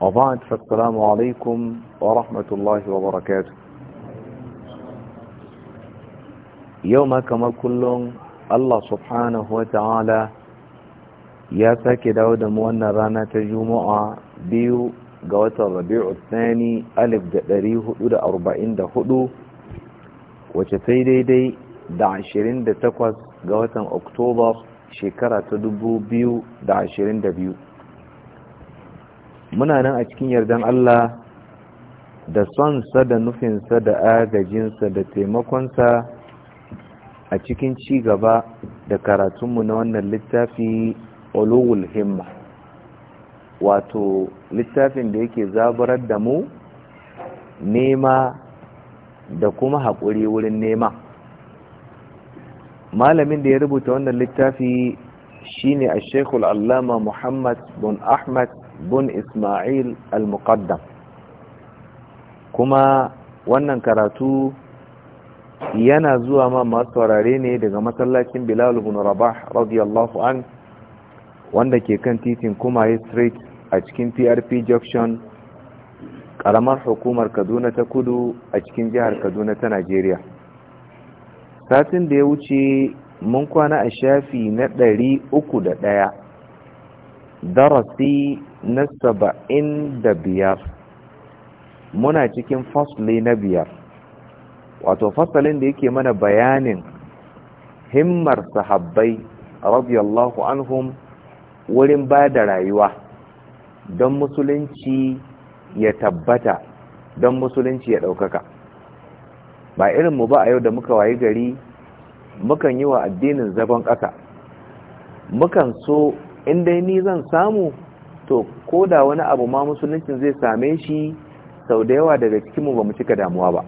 وبعد فالسلام عليكم ورحمة الله وبركاته يوم كما كل الله سبحانه وتعالى يا ساكي داود موانا رانا تجمع بيو قوات الربيع الثاني ألف دقري إلى أربعين دهدو وشتي دي دي دا عشرين دا تقوز قوات أكتوبر شكرة تدبو بيو دا عشرين دا بيو muna nan a cikin yardan Allah da sonsa da nufinsa da agajinsa da taimakonsa a cikin ci gaba da karatunmu na wannan littafi olowul himma wato littafin da yake zaburar da mu nema da kuma haƙuri wurin nema malamin da ya rubuta wannan littafi shine a shekul allama muhammad bin ahmad bun ismail al-muqaddam kuma wannan karatu yana zuwa ma masu ne daga masallacin bilal ibn rabah radiyallahu an wanda ke kan titin kumaye street a cikin prp junction karamar hukumar kaduna ta kudu a cikin jihar kaduna ta najeriya satin da ya wuce mun kwana a shafi na ɗari uku da ɗaya. darasi na saba'in da biyar muna cikin fasli na biyar wato fasalin da yake mana bayanin himmar sahabbai radiyallahu anhum wurin ba da rayuwa don musulunci ya tabbata don musulunci ya ɗaukaka ba irinmu ba a yau da muka wayi gari mukan yi wa addinin zagon ƙasa mukan so in dai ni zan samu to ko da wani abu ma Musulunci zai same shi sau da yawa daga cikinmu ba mu cika damuwa ba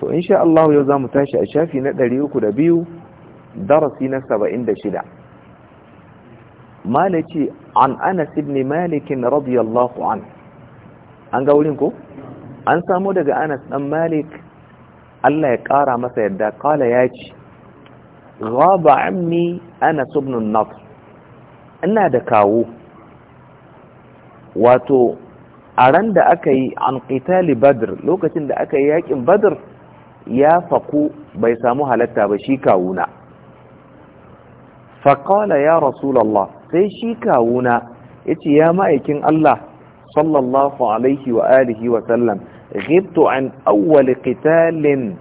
to insha Allah yau za mu tashi a shafi na 302 darasi na 76 malaki an anas ibn malik radiyallahu an an ga wurin ko an samu daga anas dan malik Allah ya kara masa yadda kala ya ce غاب عني أنس بن النضر ina da kawo wato a ran da aka yi an qitali badr lokacin da aka yi yakin badr ya faku bai samu halatta ba shi kawuna faƙala ya rasulallah sai shi kawuna ya ce ya ma'aikin Allah sallallahu alaihi wa alihi wa sallam ghibtu an awali qitalin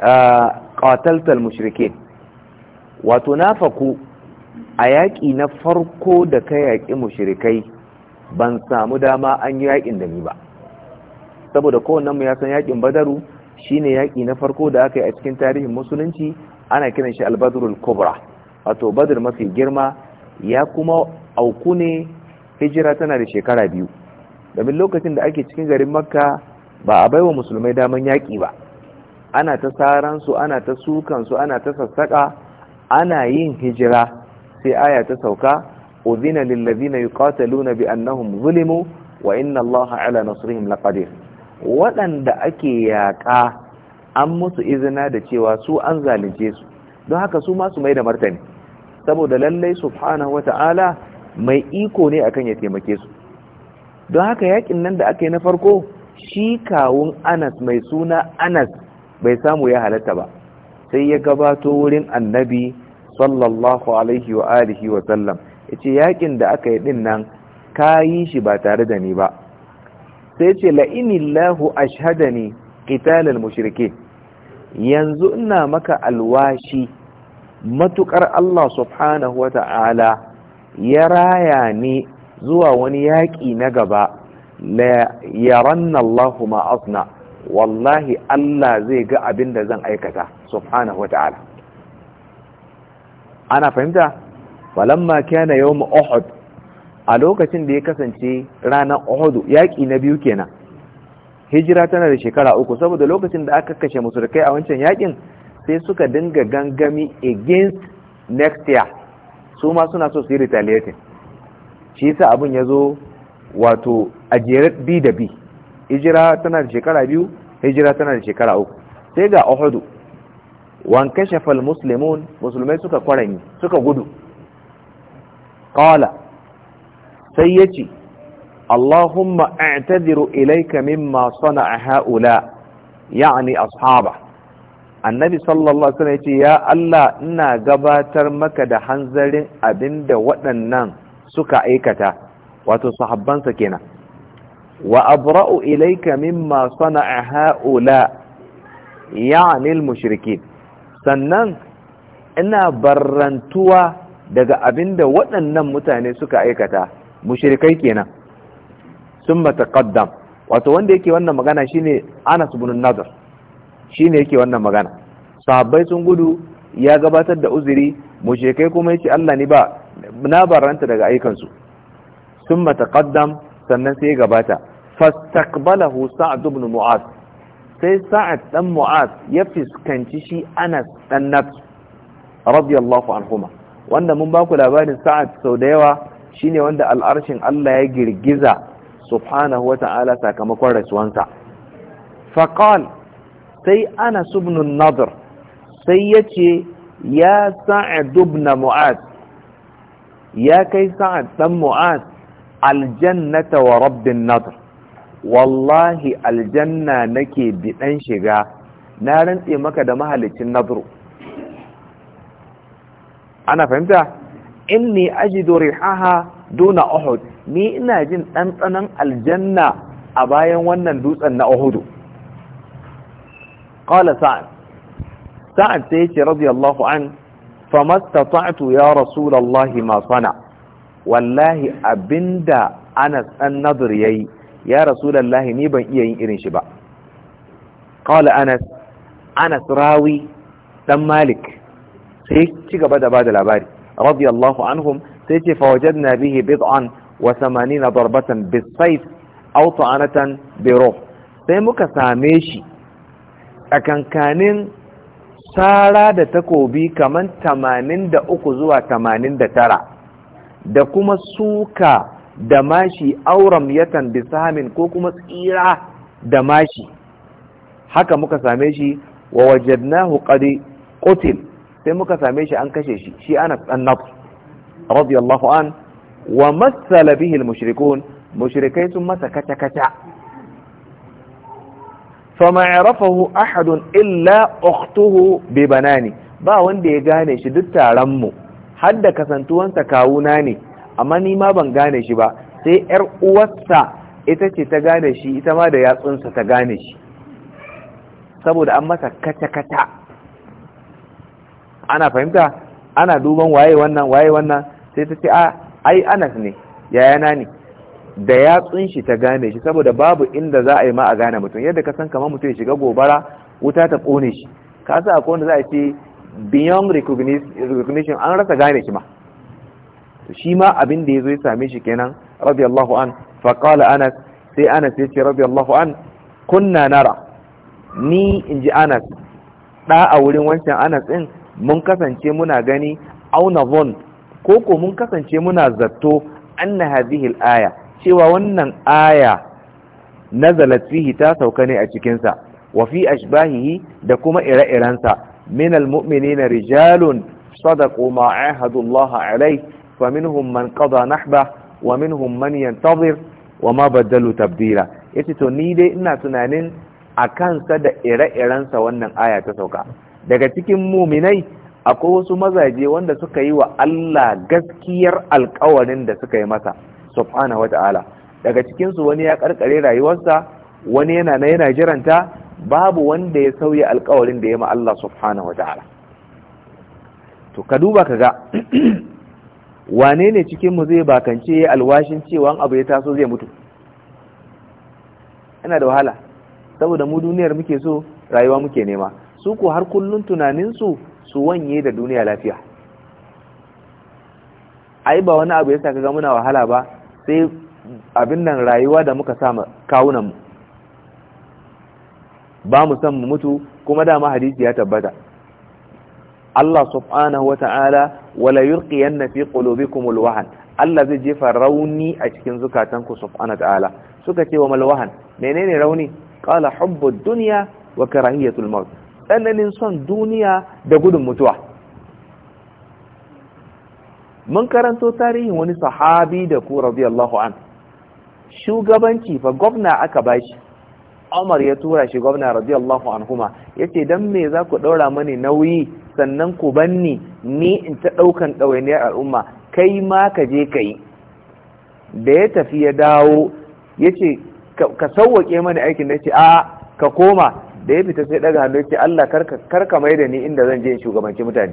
ah, qataltal mushrikin wato na faku a yaƙi na farko da ka yaƙi mushrikai ban samu dama an yi yaƙin da ni ba saboda kowannenmu ya san yaƙin badaru shine yaƙi na farko da aka yi a cikin tarihin musulunci ana kiran shi albadrul kubra wato badr mafi girma ya kuma auku ne hijira tana da shekara biyu domin lokacin da ake cikin garin makka ba a baiwa musulmai daman yaƙi ba ana ta saransu ana ta sukansu ana ta sassaƙa ana yin hijira sai aya ta sauka udhina lil ladina yuqataluna bi annahum zulimu wa inna allaha ala nasrihim laqadir waɗanda ake yaƙa an musu izina da cewa su an zalunce su don haka su masu mai da martani saboda lallai subhanahu wata'ala mai iko ne akan ya taimake su don haka yakin nan da aka yi na farko shi kawun anas mai suna anas bai samu ya halatta ba sai ya gabato wurin annabi sallallahu alaihi wa alihi wa sallam yace yakin da aka yi din nan kayi shi ba tare da ni ba sai yace la inillahu ashhadani qitalal mushrike yanzu ina maka alwashi matukar Allah subhanahu wa ta'ala ya raya ni zuwa wani yaƙi na gaba la yaranna Allahu ma asna wallahi Allah zai ga abin da zan aikata subhanahu wa ta'ala ana fahimta falamma kana yawm uhud a lokacin da ya kasance ranar uhud yaki na biyu kenan hijira tana da shekara uku saboda lokacin da aka kashe musulkai a wancan yakin sai suka dinga gangami against next year su ma suna so su yi shi yasa abin ya zo wato a jere bi da bi hijira tana da shekara biyu hijira tana da shekara uku sai ga uhud wan kashafal muslimun musulmai suka kwaranyi suka gudu qala sai yace allahumma a'tadiru ilayka mimma a haula Ya'ani ashaba annabi sallallahu alaihi wasallam yace ya Allah ina gabatar maka da hanzarin abinda waɗannan suka aikata wato sahabbansa kenan wa abra'u ilayka mimma a haula Ya'ani al-mushrikin sannan ina barrantuwa daga abinda waɗannan mutane suka aikata mushirikai kenan sun ƙaddam. wato wanda yake wannan magana shine Anas ibn nazar, shine yake wannan magana sahabbai sun gudu ya gabatar da uzuri mushirikai kuma yace Allah ni ba na barranta daga aikansu sun ƙaddam sannan sai ya gabata fastaqbalahu sa'd ibn mu'az sai sa'ad ɗan Mu'ad ya fuskanci shi anas dan nafs radiyallahu anhuma wanda mun baku labarin sa'ad sau da yawa shine wanda al'arshin Allah ya girgiza subhanahu wa ta'ala sakamakon rasuwansa faqal sai ana ibn nadir sai yace ya sa'ad ibn mu'az ya kai sa'ad ɗan Mu'ad aljannata wa rabbin nadir wallahi aljanna nake biɗan shiga na rantse maka da mahalicin nazru ana fahimta inni ajidu rihaha duna uhud ni ina jin ɗanɗanon aljanna a bayan wannan dutsen na uhudu qala sa'ad sa'ad sai yace radiyallahu an famastata'tu ya rasulullahi ma sana wallahi abinda anas an nadir yayi ya rasulallahi ni ban iya yin irin shi ba qala anas anas rawi dan malik sai ci gaba da bada labari radiyallahu anhum sai ce fa wajadna bihi bid'an wa 80 darbatan bisayf aw ta'anatan bi sai muka same shi tsakankanin sara da takobi kaman 83 zuwa 89 da kuma suka da mashi auram yatan bisamin ko kuma tsira da mashi haka muka same shi wa wajadnahu qad qutil sai muka same shi an kashe shi shi ana annab radiyallahu an wa massala bihi almushrikun mushrikai sun masa kaca kaca fama arafahu ahadun illa ukhtuhu bi banani ba wanda ya gane shi duk taron mu har da kasantuwansa kawuna ne amma ni ma ban gane shi ba sai yar uwarsa ita ce ta gane shi ita ma da yatsunsa ta gane shi saboda an masa kata-kata ana fahimta ana duban waye wannan waye wannan sai ta ce a ai anas ne yayana ne da yatsun shi ta gane shi saboda babu inda za a yi ma a gane mutum yadda ka san kamar mutum ya shiga gobara wuta ta kone shi ka sa akwai wanda za a ce beyond recognition an rasa gane shi ma shi ma abin da zo ya same shi kenan radiyallahu an fa qala anas sai anas yace radiyallahu an kunna nara ni inji anas da a wurin wancan anas din mun kasance muna gani auna von ko ko mun kasance muna zato anna hadhihi al-aya cewa wannan aya nazalat fihi ta sauka ne a cikinsa wa fi ashbahihi da kuma ire-irensa min almu'minina rijalun sadaqu ma ahadu Allah alai فمنهم من قضى نحبه wa من ينتظر وما wa ma yace to ni dai ina tunanin a kansa da ire-irensa wannan aya ta sauka daga cikin muminai akwai wasu mazaje wanda suka yi wa Allah gaskiyar alkawarin da suka yi masa subhanahu wata'ala daga cikinsu wani ya karkare rayuwarsa wani yana na yana jiranta babu wanda ya sauya alkawarin da ya ma Allah subhanahu wata'ala to ka duba ka ga wane ne cikinmu zai bakance alwashin cewa abu ya taso zai mutu yana da wahala saboda mu duniyar muke so rayuwa muke nema su ku har kullun tunaninsu su wanye da duniya lafiya ai ba wani abu ya sa kaga muna wahala ba sai abin nan rayuwa da muka sa kawunanmu ba mu san mu mutu kuma da ma hadisi ya tabbata Allah subhanahu wa ta'ala wala yurqiyanna fi qulubikumul wahan Allah zai jefa rauni a cikin zukatanku subhanahu wa ta'ala suka ce wa malwahan menene rauni qala hubbud duniya wa karahiyatul maut tsananin son duniya da gudun mutuwa mun karanto tarihin wani sahabi da ku radiyallahu an shugabanci fa gwamna aka bashi Umar ya tura shi gwamna radiyallahu anhuma yace dan me za ku daura mani nauyi sannan ku banni ni in ta ɗaukan ɗawainiyar al'umma kai ma ka je ka yi da ya tafi ya dawo ya ce ka sauwaƙe mani aikin da ya ce a ka koma da ya fita sai ɗaga hannu ya ce Allah karka mai da ni inda zan je in shugabanci mutane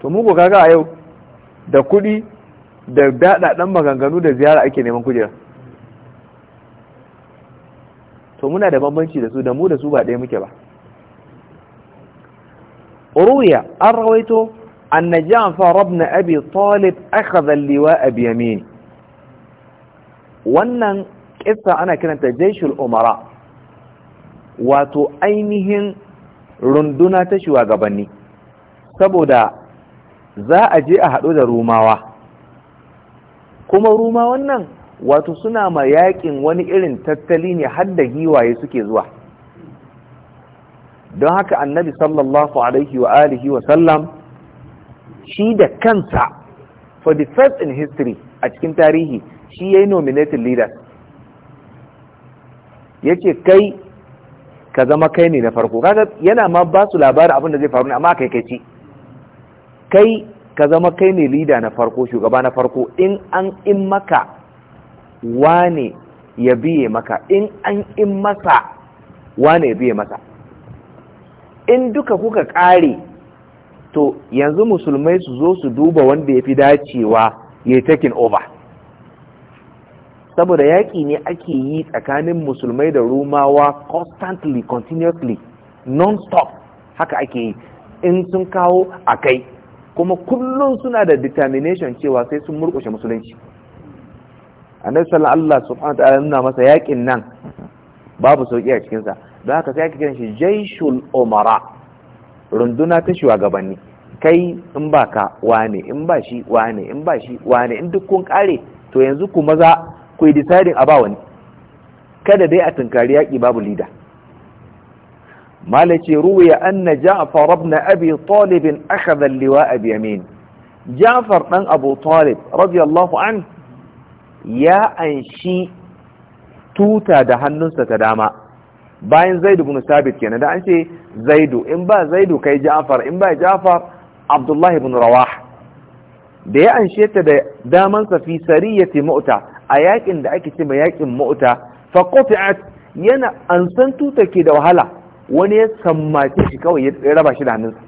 to mu ku kaga a yau da kuɗi da ɗan maganganu da ziyara ake neman kujera to muna da bambanci da su da mu da su ba ɗaya muke ba روي الرويته أن جعفر بن أبي طالب أخذ اللواء بيمينه wannan kissa ana kiranta jaishul umara wato ainihin runduna ta shugabanni saboda za a je a haɗu da rumawa kuma rumawan nan wato suna ma yaƙin wani irin tattali ne har giwaye suke zuwa don haka annabi sallallahu alaihi wa alihi wa sallam shi da kansa for the first in history a cikin tarihi shi ya yi nominated leaders ya ce kai ka zama kai ne na farko kaga yana ma ba su labarin abin da zai faru ne amma kai kai ce kai ka zama kai ne leader na farko shugaba na farko in an in maka wane ya biye maka in an in masa wane ya biye masa in duka kuka ƙare to yanzu musulmai su zo su duba wanda ya fi dacewa ya yi taking over saboda yaƙi ne ake yi tsakanin musulmai da rumawa constantly continuously non-stop haka ake yi in sun kawo a kai kuma kullum suna da determination cewa sai sun murkushe musulunci annabi sallallahu alaihi subhanahu nuna masa yaƙin nan babu sauƙi a cikinsa don haka sai ake kiran shi jaishul umara runduna ta shugabanni kai in ba ka wane in ba shi wane in ba shi wane in duk kun kare to yanzu ku maza ku yi deciding a ba wani kada dai a tunkari yaƙi babu lida malace ruwaya anna ja'far ibn abi talib akhadha al-liwa'a yamin ja'far dan abu talib radiyallahu an ya anshi tuta da hannunsa ta dama bayan zaidu bin sabit kenan da an ce zaidu in ba zaidu kai ja'far in ba ja'far abdullahi bin rawah da ya anshe ta da daman sa fi sariyati mu'ta a yakin da ake ce ma yakin mu'ta fa qut'at yana an san tuta ke da wahala wani ya sammace shi kawai ya raba shi da hannunsa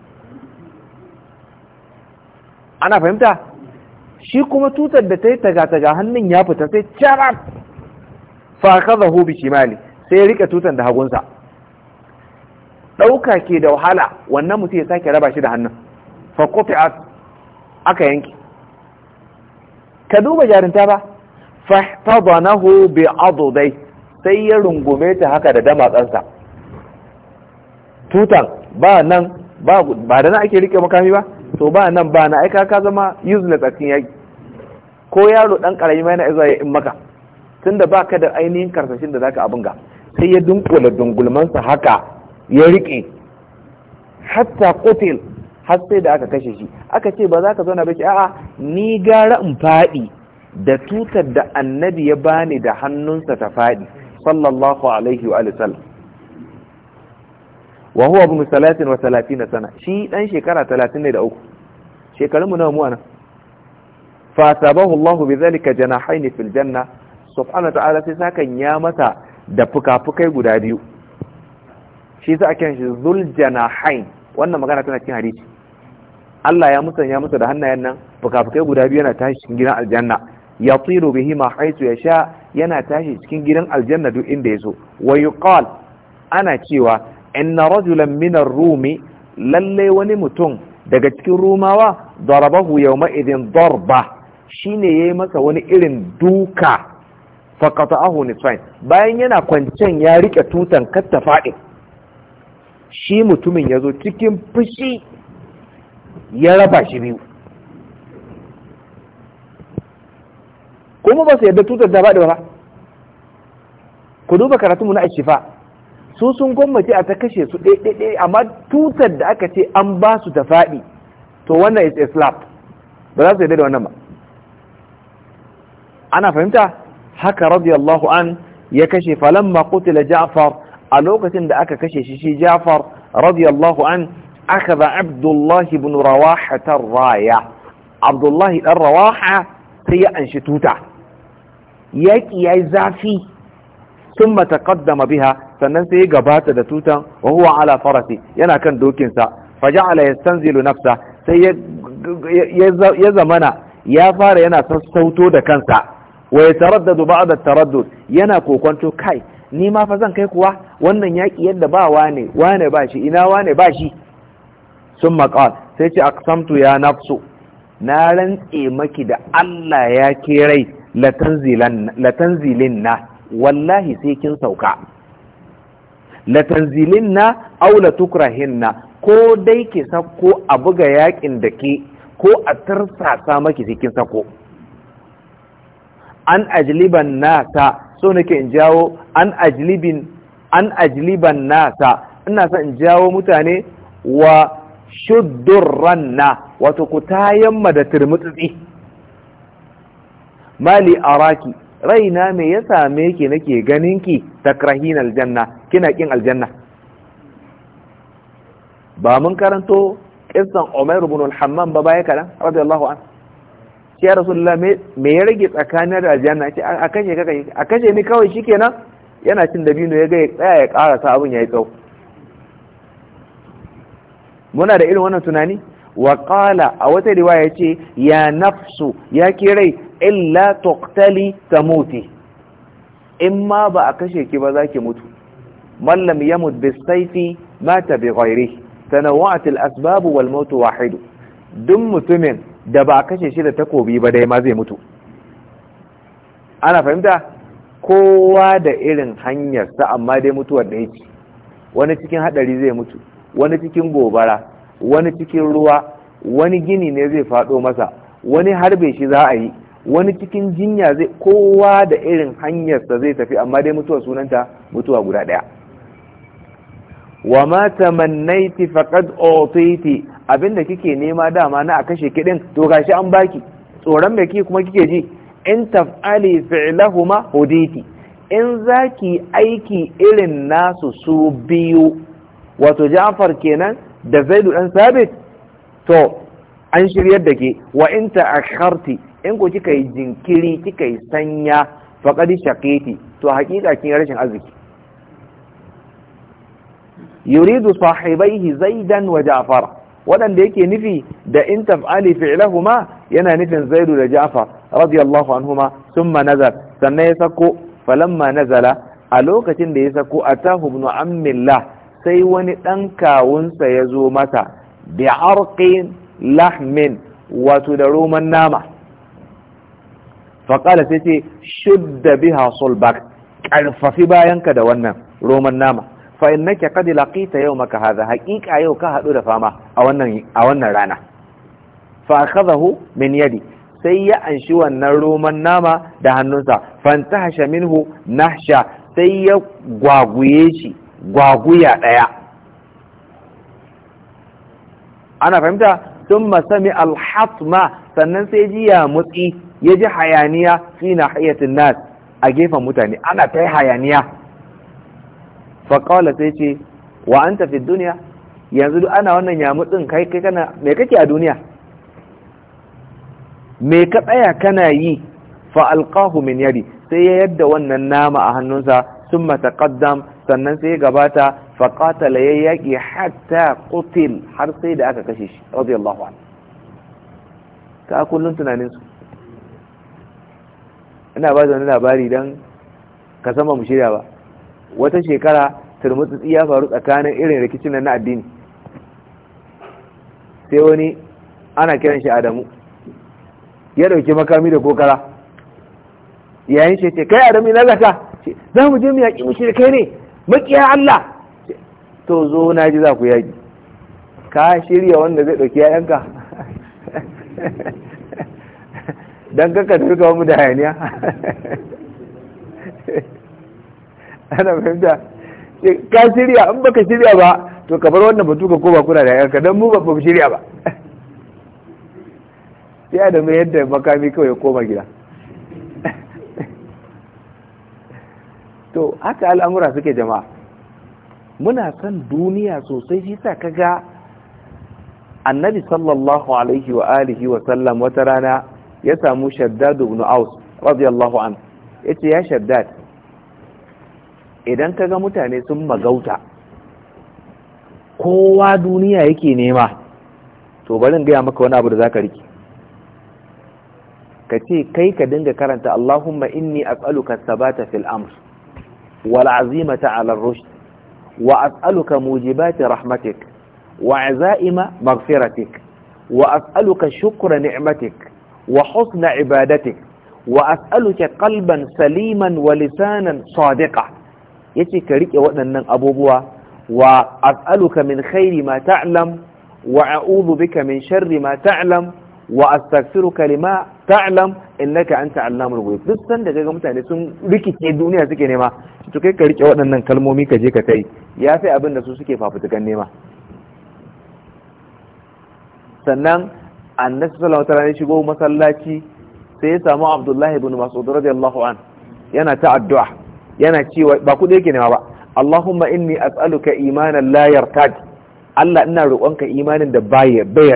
ana fahimta shi kuma tutar da ta yi taga-taga hannun ya fita sai cara fa kaza hobi shimali sai ya rike tutan da hagunsa ɗauka ke da wahala wannan mutum ya sake raba shi da hannun a aka yanki ka duba jarinta ba fahtadanahu bi adudai sai ya rungume ta haka da damatsansa tutan ba nan ba da na ake rike makami ba to ba nan ba na aika ka zama useless a cikin yaki ko yaro dan karami ma yana zuwa ya in maka tunda ka da ainihin karsashin da zaka abin ga sai ya dunkula dungulmansa haka ya riƙe hatta kotil har sai da aka kashe shi aka ce ba za ka zauna ba ce a'a ni gara in faɗi da tutar da annabi ya bani da hannunsa ta faɗi sallallahu alaihi wa sallam wa huwa ibn salatin wa salatin sana shi dan shekara talatin ne da uku shekarun mu nawa mu anan fa sabahu Allah bi zalika janahayn fil janna subhanahu wa ta'ala sai sakan ya masa da fuka-fukai guda biyu shi za a kyan shi zuljanahain wannan magana tana cikin hadisi Allah ya musanya musu da hannayen nan fuka-fukai guda biyu yana tashi cikin gidan aljanna ya tsiro bihi ma haitu ya sha yana tashi cikin gidan aljanna duk inda ya so wa yuqal ana cewa inna rajulan min rumi lallai wani mutum daga cikin rumawa darabahu yawma idin ne ya yi masa wani irin duka faqata'ahu nisfain bayan yana kwancen ya rike tutan katta faɗi shi mutumin ya zo cikin fushi ya raba shi biyu kuma ba su yadda tutar ta faɗi ba ku duba karatunmu na ashifa su sun gwammace a ta kashe su ɗaiɗaiɗe amma tutar da aka ce an ba su ta faɗi to wannan is a slap ba za su yadda da wannan ba ana fahimta haka radiyallahu an ya kashe falamma qutila ja'far a lokacin da aka kashe shi shi ja'far radiyallahu an akhadha abdullah ibn rawaha raya abdullah dan rawaha sai ya anshi tuta yaki yayi zafi mata تقدم biha sannan sai ya gabata da tutan wa huwa ala farasi yana kan dokinsa faja'ala yastanzilu nafsa sai ya zamana ya fara yana sassauto da kansa wa taraddadu bada da taraddud yana kokonto kai ni ma fa zan kai kuwa wannan yaƙi yadda ba wane wane ba shi ina wane ba shi sun maqal sai ce aqsamtu ya nafsu na rantse maki da Allah ya ke rai latanzilin na wallahi sai kin sauka latanzilin na aula tukrahin na ko dai ki sako a buga yaƙin da ke ko a tarsa maki sai kin sako an ajliban nasa so nake in jawo an ajlibin an ajliban nasa ina sa in jawo mutane wa ranna, wato ku tayamma da turmutsi mali araki raina me ya same ki nake ganin ki takrahin aljanna kina kin aljanna ba mun karanto kissan Umar ibn al-Hammam ba baya kadan radiyallahu anhu ya rasulullah me ya rage tsakanin da aljanna ce a kashe ka kashe a kashe ni kawai shikenan yana cin dabino ya ga ya tsaya ya sa abin yayi tsawo muna da irin wannan tunani wa qala a wata riwaya yace ya nafsu ya ke rai illa tuqtali tamuti in ma ba a kashe ki ba zaki mutu mallam ya yamut bisayfi mata bi ghairi tanawwa'at al asbab wal maut wahid duk mutumin da ba kashe shi da takobi ba dai ma zai mutu ana fahimta kowa da irin hanyarsa amma dai mutuwar da yake wani cikin hadari zai mutu wani cikin gobara wani cikin ruwa wani gini ne zai faɗo masa wani harbe shi za a yi wani cikin jinya zai kowa da irin hanyarsa zai tafi amma dai mutuwar sunanta mutuwa guda ɗaya wa ma tamannaiti faqad utiti abinda kike nema dama na a kashe kidin to gashi an baki tsoron me kike kuma kike ji in taf'ali fi'lahuma huditi in zaki aiki irin nasu su biyu wato Ja'far kenan da Zaidu dan Sabit to an shiryar da ke wa in ta'akharti in ku kika yi jinkiri kika yi sanya faqad shaqiti to haqiqa kin rashin arziki yuridu sahibaihi zaidan wa ja'far waɗanda yake nufi da in taf'ali fi'lahuma yana nufin zaidu da ja'far radiyallahu anhuma thumma nazar sannan ya sako falamma nazala a lokacin da ya sako atahu ibn ammillah sai wani dan kawunsa ya zo masa bi arqin lahmin wato da roman nama faƙala sai ce shudda biha sulbak ƙarfafi bayanka da wannan roman nama fa kadi laƙita yau maka hada, haqiqa yau ka haɗu da fama a wannan rana fa akhadahu min yadi sai ya anshi wannan roman nama da hannunsa fantahasha minhu nahsha sai ya gwaguye shi gwaguya daya ana fahimta sun masami alhatma sannan sai ji ya mutsi ya ji hayaniya fi na hayatin nas a gefen mutane ana ta hayaniya faƙawala sai ce wa an tafi duniya yanzu duk ana wannan yamutsin kai kai kana me kake a duniya me ka tsaya kana yi fa alqahu min yadi sai ya yadda wannan nama a hannunsa sun taqaddam sannan sai ya gabata fa qatala yayyaki hatta qutil har sai da aka kashe shi radiyallahu anhu ka kullun tunanin su ina ba da wani labari dan ka sama mu shirya ba wata shekara turmutsi ya faru tsakanin irin rikicin nan na addini sai wani ana kiran shi adamu ya dauki makami da kokara yayin shi ce kai adamu ina zaka za mu je mu yaƙi kai ne makiya Allah to zo na ji za ku yaƙi ka shirya wanda zai dauki yayanka dan kanka da duka mu da hayaniya ana fahimta eh, ka shirya in baka shirya ba to ka bar wannan batu ka koma kuna da yanka don mu ba mu shirya ba sai adamu yadda makami kawai ya koma gida to haka al'amura suke jama'a muna son duniya sosai shi sa ga? annabi sallallahu alaihi wa alihi wa sallam wata rana ya samu shaddadu ibn aus radiyallahu an yace ya shaddadu idan ka ga mutane sun magauta kowa duniya yake nema to barin gaya maka wani abu da za ka riki ka ce kai ka dinga karanta Allahumma inni as'aluka sabata fil amr wal azimata ala rushd wa as'aluka mujibati rahmatik wa azaima maghfiratik wa as'aluka shukra ni'matik wa husna ibadatik wa as'aluka qalban saliman wa lisanan sadiqan yace ka rike waɗannan abubuwa wa as'aluka min khairi ma ta'lam wa a'udhu bika min sharri ma ta'lam wa astaghfiruka lima ta'lam innaka anta allamul ghuyub duk sanda kaga mutane sun rikice duniya suke nema to kai ka rike waɗannan kalmomi ka je ka tai ya sai abin da su suke fafutukan nema sannan annabi sallallahu alaihi wasallam shigo masallaci sai ya samu Abdullahi ibn Mas'ud radiyallahu an yana ta addu'a yana cewa ba kuɗi yake nema ba Allahumma inni as'aluka imanan la yartad Allah ina roƙonka imanin da baya bai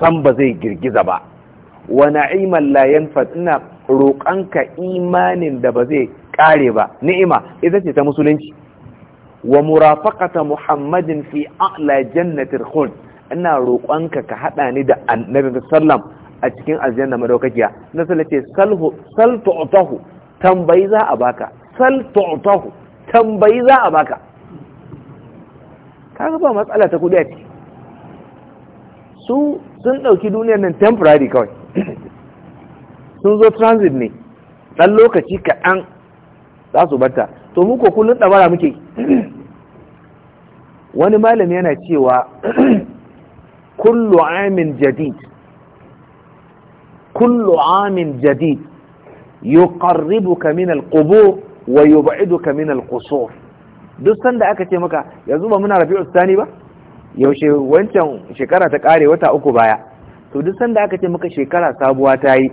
san ba zai girgiza ba wa na'iman la yanfad ina roƙonka imanin da ba zai kare ba ni'ima ita ce ta musulunci wa murafaqata muhammadin fi a'la jannatil khuld ina roƙonka ka hada ni da annabi sallam a cikin aljanna madaukakiya na sallace salhu saltu tambayi za a baka sal tu'tahu tambayi za a baka kaga ba matsala ta kudi a su sun ɗauki duniyar nan temporary kawai sun zo transit ne ɗan lokaci kaɗan za su bata. to muku kullum ɗabara muke wani malami yana cewa kullu amin jadid kullu amin jadid yuqarribuka min al-qubur wa yub'iduka min al-qusur duk sanda aka ce maka yanzu ba muna rafi'u sani ba yaushe wancan shekara ta kare wata uku baya to duk sanda aka ce maka shekara sabuwa ta yi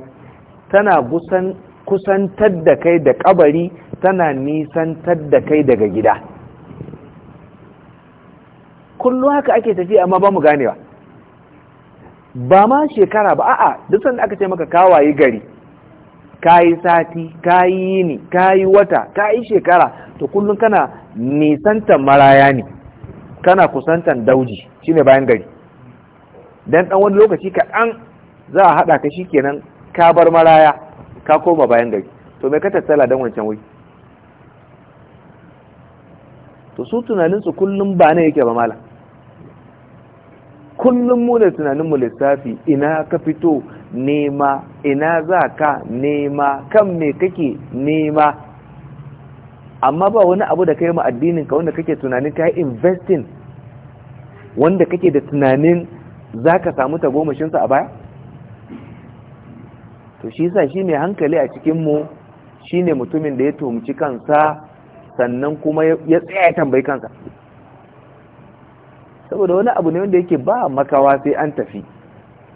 tana busan kusantar da kai da kabari tana nisantar da kai daga gida kullum haka ake tafiya amma ba mu ganewa ba ma shekara ba a'a duk sanda aka ce maka kawaye gari kayi sati kayi yini kayi wata kayi shekara to kullum kana nisantan maraya ne kana kusantan dauji shine bayan gari dan dan wani lokaci kaɗan za a haɗa ka shikenan ka bar maraya ka koma bayan gari to me ka tattala dan wancan wai to su tunaninsu kullum ba ne yake ba malam kullum mu da tunaninmu lissafi ina ka fito nema ina za ka nema kan me kake nema amma ba wani abu da kai ma addinin ka wanda kake tunanin ka investing wanda kake da tunanin za ka samu tagomashinsa a baya to shi sa shi ne hankali a cikinmu shi ne mutumin da ya tumci kansa sannan kuma ya tsaya tambayi kansa saboda wani abu ne wanda yake ba makawa sai an tafi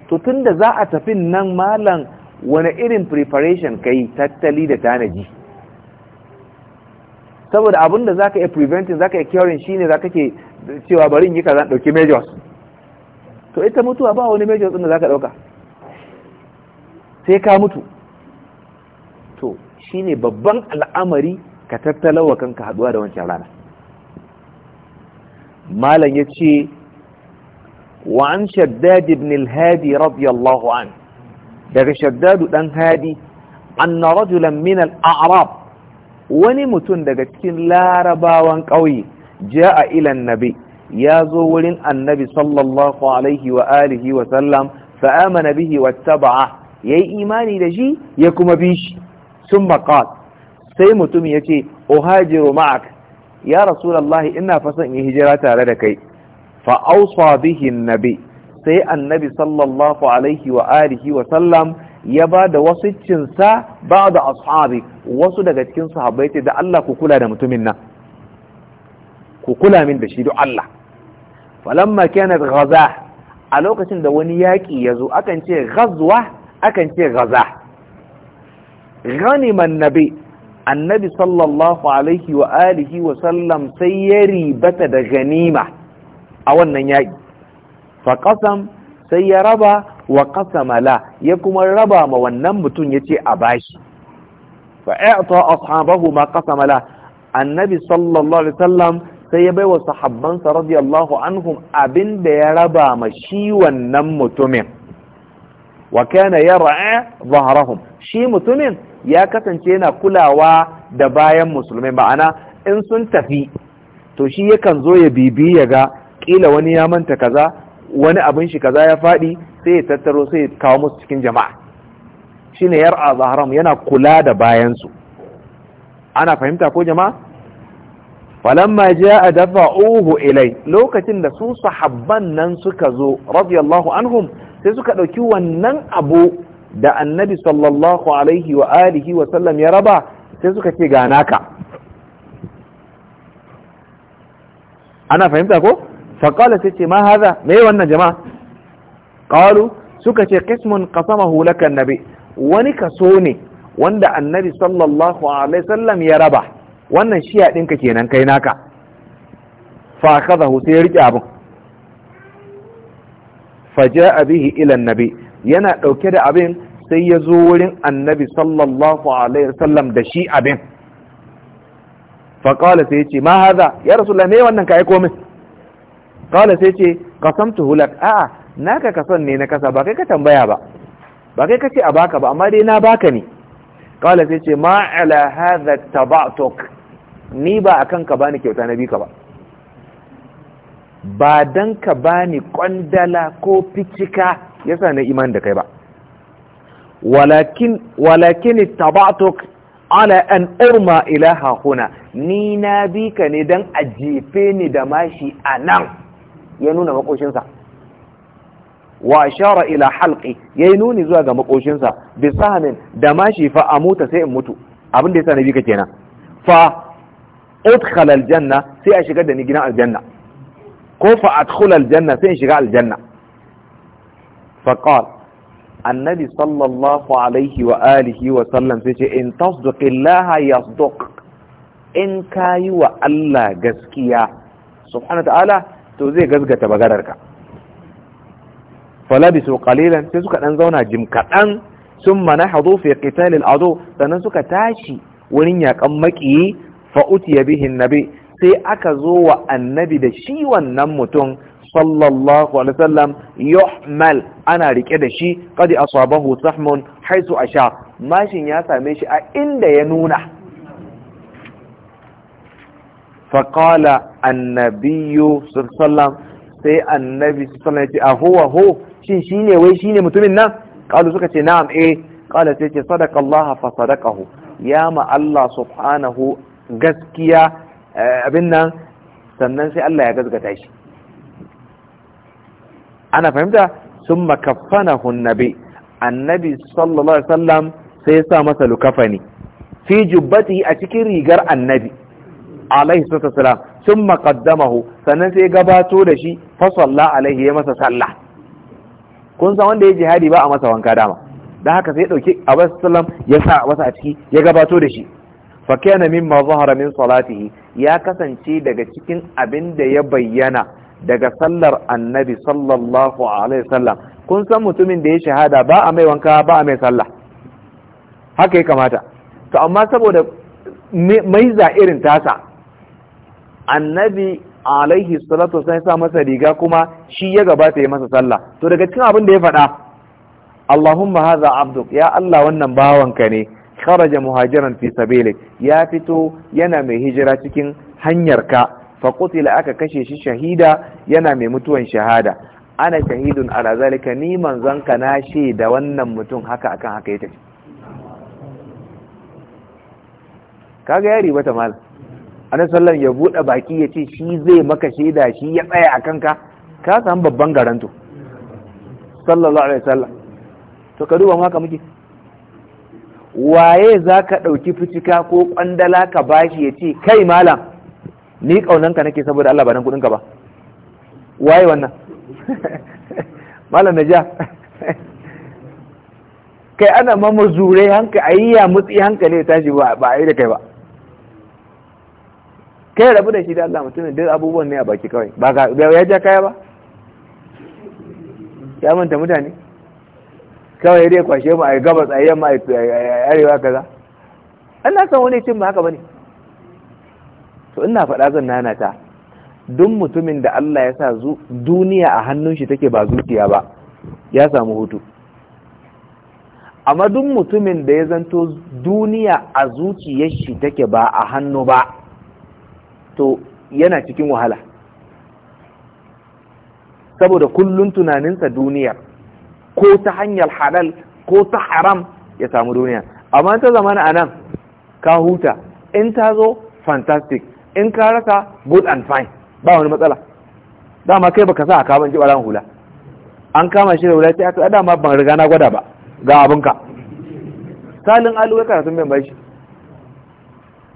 to tun da za a tafi nan malam wani irin preparation kai tattali da tanaji saboda abin da za ka iya preventing za ka iya curing shi ne za ka ke cewa bari in yi kaza ɗauki majors to ita mutuwa ba wani majors ɗin da za ka ɗauka sai ka mutu to shi ne babban al'amari ka tattalawa kanka haɗuwa da wancan rana malam ya ce Wa'an شداد بن الهادي رضي daga shaddadu dan hadi anna rajulan min arab wani mutum daga cikin larabawan ƙauye ja'a ila annabi ya zo wurin annabi sallallahu alaihi wa alihi wa sallam fa amana bihi yayi imani da shi ya kuma bi shi sun sai mutum yace uhajiru ma'ak ya rasulullahi ina in yi hijira tare da kai fa awsa bihi nabi sai annabi sallallahu alaihi wa alihi wa sallam ya ba da wasu cinsa ba da ashabi wasu daga cikin sahabbai ce da Allah ku kula da mutumin nan ku kula min da shi duk Allah falamma kanat ghaza a lokacin da wani yaƙi ya zo akan ce ghazwa akan ce ghaza ghaniman nabi annabi sallallahu alaihi wa alihi wa sallam sai ya ribata da ganima a wannan yaƙi fa sai ya raba wa ƙasamala. ya kuma raba ma wannan mutum ya ce a bashi fa a'ta sahabahu ma ƙasamala. annabi sallallahu alaihi wasallam sai ya bai wa sahabbansa radiyallahu anhum abin da ya raba ma shi wannan mutumin wa kana ra'e zaharahun shi mutumin ya kasance yana kulawa da bayan musulmai Ba'ana in sun tafi to shi yakan zo ya bibi ya ga kila wani ya manta kaza wani abin shi kaza ya faɗi sai ya tattaro sai ya kawo musu cikin jama'a shine yar azharam yana kula da bayansu ana fahimta ko jama'a falamma jaa dafa'uhu ilai lokacin da su sahabban nan suka zo radiyallahu anhum sai suka ɗauki wannan abu da annabi sallallahu alaihi wa alihi wa sallam ya raba sai suka ce ga naka ana fahimta ko faƙala sai ce ma haza me wannan jama'a ƙalu suka ce qismun qasamahu laka nabi wani kaso ne wanda annabi sallallahu alaihi sallam ya raba wannan shiya ɗinka kenan kai naka fa akhadahu ya rike abin faja'a bihi ila annabi yana ɗauke da abin sai ya zo wurin annabi sallallahu alaihi wasallam da shi abin sai ya ce ma ya me wannan ka aiko min kawai sai ce kasan lak a'a na ka kasan ne na kasa ba kai ka tambaya ba ba kai ka ce a baka ba amma dai na baka ne kawai sai ce ma ala hadha ni ba a kanka ka bani kyauta na bika ba ba dan ka bani kwandala ko ficika sa na iman da kai ba walakin walakin ala an urma ilaha huna ni na bi ka ne don a jefe ni da mashi a nan. ya nuna makoshinsa wa shara ila halqi yayi nuni zuwa ga makoshinsa bi sahamin da mashi fa amuta sai in mutu abin da yasa nabi ka kenan fa udkhal aljanna sai a shiga da ni gidan aljanna ko fa adkhul aljanna sai in shiga aljanna fa qala annabi sallallahu alaihi wa alihi wa sallam sai ce in tasdiqillaha yasduq in kayi wa Allah gaskiya subhanahu ta'ala to zai gazgata maganarka falabisu qalilan sai suka dan zauna jim kadan mana nahadu fi qital al-adu sannan suka tashi wurin yakan maki fa utiya bihi nabi sai aka zo wa annabi da shi wannan mutum sallallahu alaihi wasallam yuhmal ana rike da shi qad asabahu sahmun haisu asha mashin ya same shi a inda ya nuna faƙala annabiyu sallam sai annabi sallam ya ce a huwa ho shin shi ne shi ne mutumin nan ƙalu suka ce na'am eh ƙala sai ce sadaka Allah fa sadaqahu ya ma Allah gaskiya eh, abin nan sannan sai Allah ya gazgata shi ana fahimta sun makaffanahu annabi sallallahu alaihi wasallam sai ya sa masa lukafani fi jubbati a cikin rigar annabi alaihi wasalam sun maƙaddamahu sannan sai gabato da shi fasalla alaihi ya masa sallah kun san wanda ya jihadi ba a masa wanka dama don haka sai ɗauki wasu sallam ya sa masa a ciki ya gabato da shi fa kana mimma zahara min salatihi ya kasance daga cikin abin da ya bayyana daga sallar annabi sallallahu alaihi wasallam kun san mutumin da ya shahada ba a mai wanka ba a mai sallah haka ya kamata to amma saboda mai za irin tasa annabi alaihi salatu sai sa masa riga kuma shi ya gabata ya masa sallah to daga cikin abin da ya faɗa Allahumma hadha abduk ya Allah wannan bawanka ne kharaja muhajiran fi sabilik ya fito yana mai hijira cikin hanyarka fa qutila aka kashe shi shahida yana mai mutuwan shahada ana shahidun ala zalika ni manzon ka na da wannan mutum haka akan haka ya kaga yari riba Ana sallan ya bude baki ya ce shi zai maka shaida shi ya tsaya a kanka ka samu babban garanto sallallahu alaihi wasallam to ka duba maka muke waye za ka ɗauki fitika ko ƙwandala ka bashi ya ce kai malam ni ƙaunanka nake saboda Allah ba nan kuɗinka ba waye wannan malam na kai ana mamazurai hanka a yi ya mutsi hankali ya tashi ba a yi da kai ba kai rabu da shi da Allah mutumin duk abubuwan ne a baki kawai ba ka ya ja kaya ba ya manta mutane kawai dai kwashe mu a gabas a yamma a arewa kaza Allah san wani cin ba haka bane to ina faɗa zan nana ta duk mutumin da Allah ya sa duniya a hannun shi take ba zuciya ba ya samu hutu amma duk mutumin da ya zanto duniya a zuciyar shi take ba a hannu ba to yana cikin wahala saboda kullun tunaninsa duniya ko ta hanyar halal ko ta haram ya samu duniya amma ta zamana a nan ka huta in ta zo fantastic in ka raka good and fine ba wani matsala dama kai baka sa a ban ji hula an kama shi da wula sai a dama ban riga na gwada ba ga abinka salin alu ya karatun bai bashi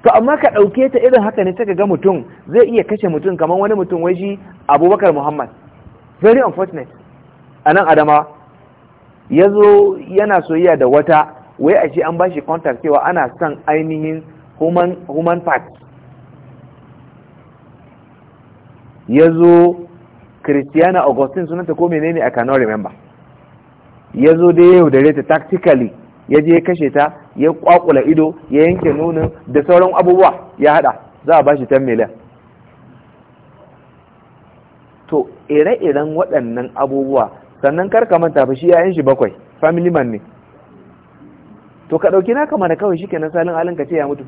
to amma ka ɗauke ta irin haka ne ta ga mutum zai iya kashe mutum kamar wani mutum wai shi abubakar muhammad very unfortunate a nan adama ya zo yana soyayya da wata wai a ce an ba shi contact cewa ana son ainihin human, human ya zo christiana augustine sunanta ko menene i cannot remember ya zo da yau da ta tactically ya je ya kashe ta ya kwakula ido ya yanke nunin, da sauran abubuwa ya hada za a bashi 10 miliyan to ire-iren waɗannan abubuwa sannan karka manta fi shi yayin shi bakwai family man ne to ka ɗauki naka mana kawai shi na salin alin ka ce ya mutu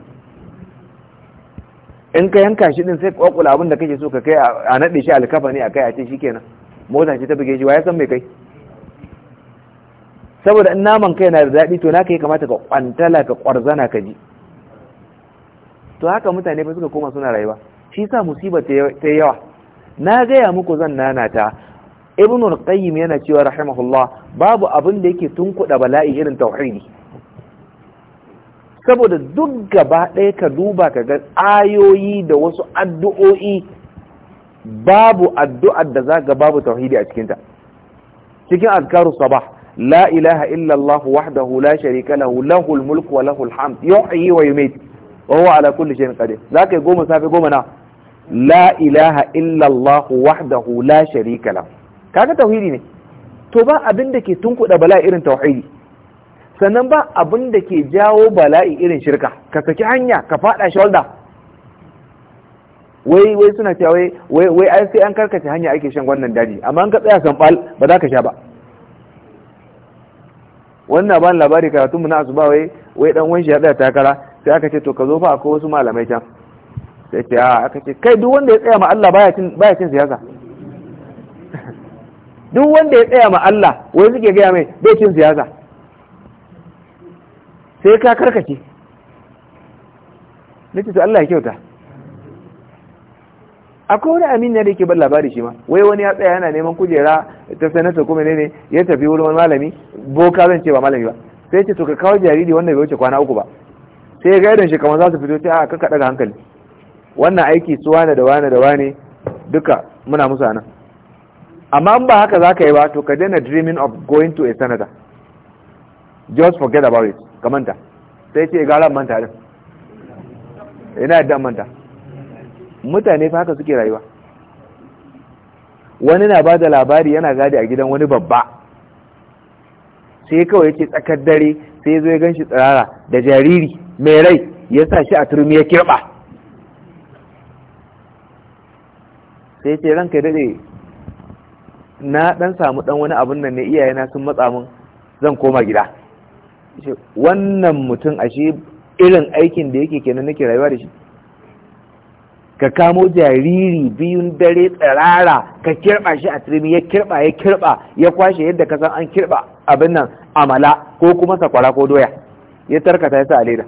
in ka yanka shi din sai kwakula abin da kake so ka kai a naɗe shi alkafa ne a kai a ce shi nan. mota ce ta buge shi wa ya san mai kai saboda in naman kai na da daɗi to na kai kamata ka kwantala ka kwarzana ka ji to haka mutane ba suka koma suna rayuwa shi sa musiba ta yawa na gaya muku zan nanata ibn al yana cewa rahimahullah babu abin da yake tunkuɗa bala'i irin tauhidi saboda duk gaba ɗaya ka duba ka ga ayoyi da wasu addu'o'i babu addu'ar da za ga babu tauhidi a cikinta cikin azkarus sabah la ilaha illa Allah wahdahu la sharika lahu lahul mulku wa lahul hamd yuhyi wa yumiit wa huwa ala yi goma safe goma na la ilaha illa Allah wahdahu la sharika lahu kaga tauhidi ne to ba abin ke tunkuda irin tauhidi sannan ba abin da ke jawo bala'i irin shirka ka saki hanya ka fada shoulder wai wai suna cewa wai wai ai sai an karkace hanya ake shan wannan daji amma an ka tsaya sanbal ba za ka sha ba wannan ban labari karatunmu na asuba wai wai dan wanshi ya tsaya takara sai aka ce to ka zo fa akwai wasu malamai can sai ce a aka ce kai duk wanda ya tsaya ma Allah baya cin baya cin siyasa duk wanda ya tsaya ma Allah wai suke gaya mai bai cin siyasa sai ka karkace nace to Allah ya kyauta akwai wani amin ne da yake bar labari shi ma wai wani ya tsaya yana neman kujera ta sanata kuma ne ya tafi wurin wani malami boka zan ce ba malami ba sai ce to ka kawo jariri wannan bai wuce kwana uku ba sai ga yadda shekaru za su fito ta ah, ka kaɗa ga hankali wannan aiki su wane da wane da wane duka muna musu anan amma in ba haka za ka yi ba to ka daina dreaming of going to a senator just forget about it ka manta sai ce eh, gara manta din ina yadda manta mutane fa haka suke rayuwa wani na ba da labari yana gadi a gidan wani babba sai kawai yake tsakar dare sai ya zo ya gan shi tsirara da jariri mai rai ya sa shi a turmi ya kirɓa sai ce ranka daɗe na ɗan samu ɗan wani abin nan ne iyayena sun matsa min zan koma gida wannan mutum ashe irin aikin da yake kenan nake rayuwa da shi ka kamo jariri biyun dare tsirara ka kirɓa shi a turmi ya kirɓa ya kirɓa ya kwashe yadda ka san an kirɓa abin nan amala ko kuma sakwara ko doya ya tarkata ya sa a leda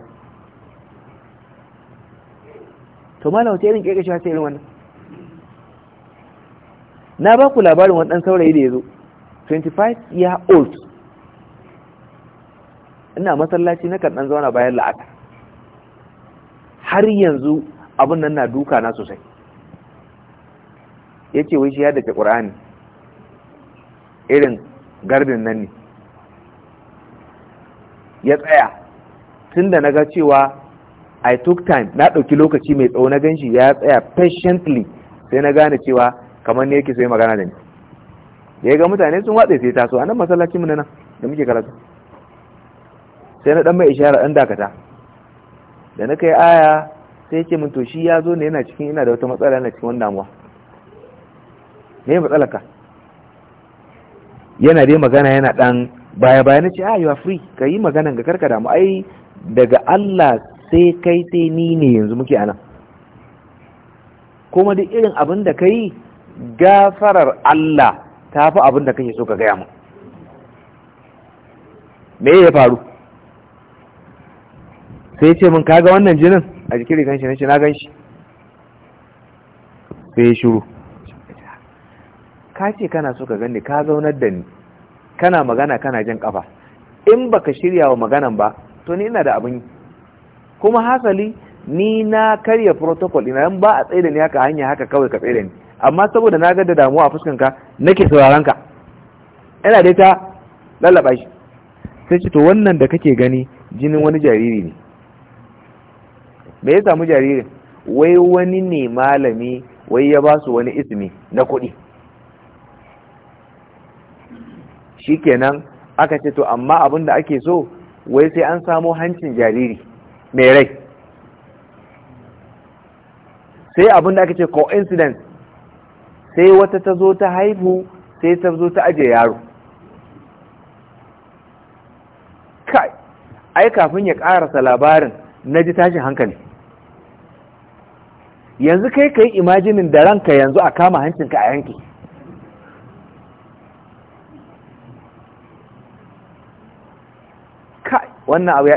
to malam wata irin kirkishi sai irin wannan na ba ku labarin wani ɗan saurayi da ya zo 25 year old ina masallaci na kan ɗan zauna bayan la'aka har yanzu abin nan na duka na sosai ya ce wai shi ya dace ƙur'ani irin gardin nan ne ya tsaya tun da na ga cewa i took time na ɗauki lokaci mai tsawo na shi ya tsaya patiently sai na gane cewa kamar ne yake sai magana da ni da ya ga mutane sun watsa sai taso a nan masallaci mu nan da muke karatu sai na dan mai ishara dan dakata da na kai aya sai yake min to shi ya zo ne yana cikin ina da wata matsala yana cikin wannan damuwa me matsala ka yana dai magana yana dan baya baya nace ah you are free ka yi magana ga karka damu ai daga Allah sai kai sai ni ne yanzu muke anan kuma duk irin abin da kai gafarar Allah ta fi abin da kake so ka gaya mu me ya faru sai ya ce min kaga wannan jinin a jikin rigan shi nace na gan shi sai ya shiru ka ce kana so ka gani ka zaunar da ni kana magana kana jin kafa in baka shirya wa maganan ba to ni ina da abin kuma hasali ni na karya protocol ina yan ba a tsaye da ni haka hanya haka kawai ka tsaye da ni amma saboda na ga da damuwa a fuskanka nake sauraron ka ina dai ta lallaba shi sai ce to wannan da kake gani jinin wani jariri ne me ya samu jaririn wai wani ne malami wai ya ba su wani ismi na kuɗi Shi shikenan aka ce to amma abin da ake so wai sai an samo hancin jariri mai rai sai abin da aka ce coincidence sai wata ta zo ta haihu sai ta zo ta ajiye yaro kai ai kafin ya karasa labarin na ji tashin hankali yanzu kai ka yi imajinin da ranka yanzu a kama hancinka a yanki wannan abu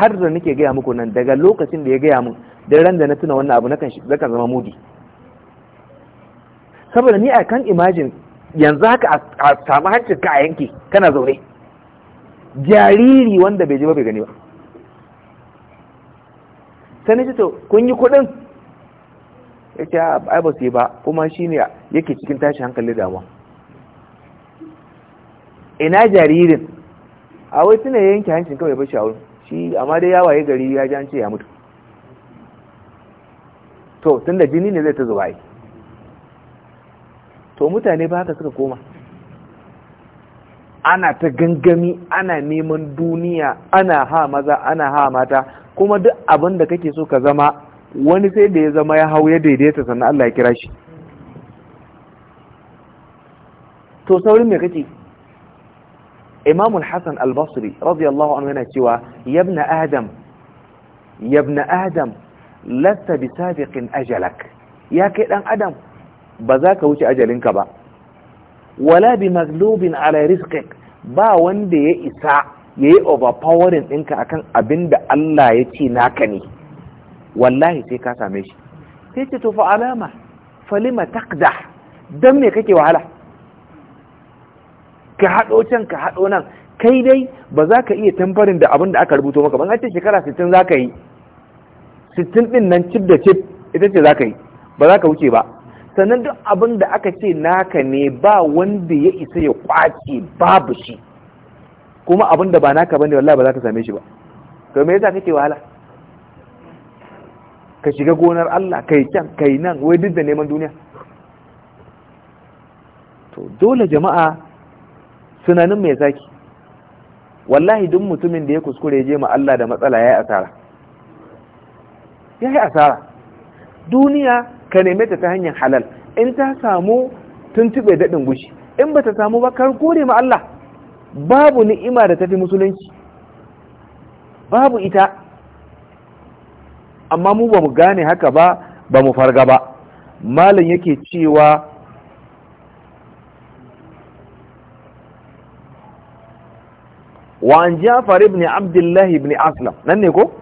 har da nake gaya muku nan daga lokacin da ya gaya mun da ran da na tuna wannan abu na kan zama mudi saboda ni a kan imajin yanzu haka a samu hancinka a yanki kana zaune jariri wanda bai ji ba bai gani ba sai na ce to kun yi kuɗin ya ce a ba su yi ba kuma shi ne yake cikin tashi hankali damuwa ina jaririn a wai suna yanke hancin kawai ba shawun shi amma dai ya gari ya jance ya mutu to tun da jini ne zai ta zuba yi to mutane ba haka suka koma ana ta gangami ana neman duniya ana ha maza ana ha mata kuma duk abin da kake so ka zama wani sai da ya zama ya hau ya daidaita sannan Allah ya kira shi to saurin mai kake Imam Hassan Al-Basri radiyallahu anhu yana cewa yabna Adam yabna Adam lasta sabiqin ajalak ya kai dan Adam ba za ka wuce ajalinka ba wala bi maglubin ala rizqik ba wanda ya isa ya yi overpowering ɗinka akan abin da Allah ya ce naka ne wallahi sai ka same shi sai ce to fa alama falima takda don me kake wahala ka haɗo can ka haɗo nan kai dai ba za ka iya tamfarin da abin da aka rubuto maka ba ce shekara sittin za ka yi sittin ɗin nan cif da cif ita ce za ka yi ba za ka wuce ba sannan duk abin da aka ce naka ne ba wanda ya isa ya kwace babu shi kuma abin da ba naka bane wallahi ba za ka same shi ba to me yasa kake wahala ka shiga gonar Allah kai can kai nan wai duk da neman duniya to dole jama'a sunanin mai zaki wallahi duk mutumin da ya kuskure ya je ma Allah da matsala yayi asara yayi asara duniya ka neme ta ta hanyar halal in ta samu tuntube daɗin gushi in ba ta samu ba kar gode ma Allah babu ni'ima da tafi musulunci babu ita amma mu ba mu gane haka ba ba mu farga ba malam yake cewa wa an jafar ibn abdullahi ibn aslam nan ne ko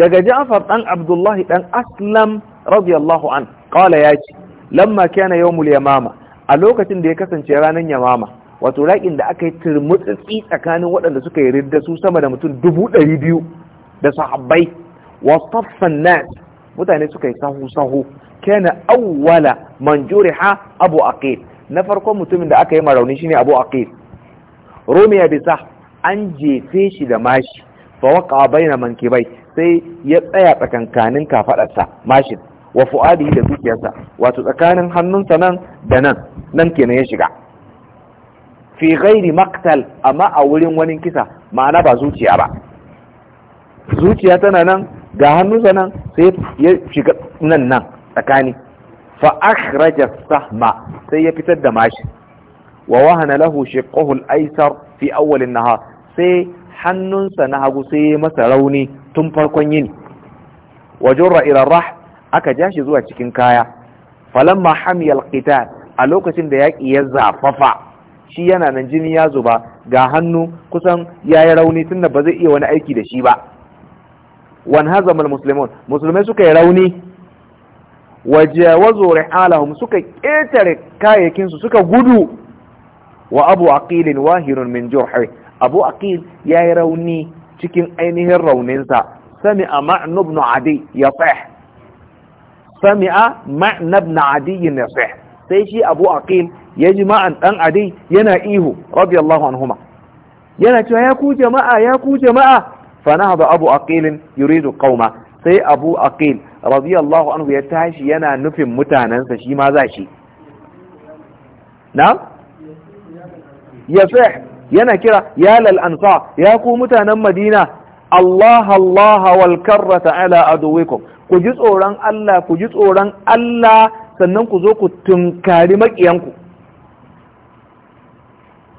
daga jafar dan abdullahi dan aslam radiyallahu an qala ce, lamma kana yawmul yamama a lokacin da ya kasance ranar yamama wato raƙin da aka yi turmutsitsi tsakanin waɗanda suka yi ridda su sama da mutum dubu ɗari biyu da sahabbai wasaffan nas mutane suka yi sahu sahu kana awwala man juriha abu aqil na farkon mutumin da aka yi marauni shine abu aqil rumiya bisa an jefe shi da mashi fa waqa baina mankibai sai ya tsaya tsakankanin kafadarsa mashin wa fu'adihi da dukiyarsa wato tsakanin hannunsa nan da nan nan kenan ya shiga fi ghairi maktal amma a wurin wani kisa ma'ana ba zuciya ba zuciya tana nan ga hannunsa nan sai ya shiga nan nan tsakani fa akhraja sahma sai ya fitar da mashi wa wahana lahu shiqahu al-aysar fi awwal an-nahar sai hannunsa na hagu sai ya masa rauni tun farkon yini wa jurra ila rah aka ja shi zuwa cikin kaya falamma hamiya al-qital a lokacin da yaki ya zafafa shi yana nan jini ya zuba ga hannu kusan ya yi rauni tunda ba zai iya wani aiki da shi ba haza hazamal musulman musulmai suka yi rauni Waje wajawazu ri'alahum suka ƙetare kayayyakinsu suka gudu wa abu aqil wahirun min jurhi abu aqil ya yi rauni cikin ainihin rauninsa sami'a a ibn adi ya a ma'na ibn adi ya sai shi abu aqil ya ji ma'an ɗan adai yana ihu radiyallahu anhuma yana cewa ya ku jama'a ya ku jama'a fa nahada abu aqil yuridu qauma sai abu aqil radiyallahu anhu ya tashi yana nufin mutanansa shi ma za shi Ya yafih yana kira ya lal ansar ya ku mutanen madina Allah Allah wal karrata ala aduwikum ku ji tsoron Allah ku ji tsoron Allah sannan ku zo ku tunkari makiyanku.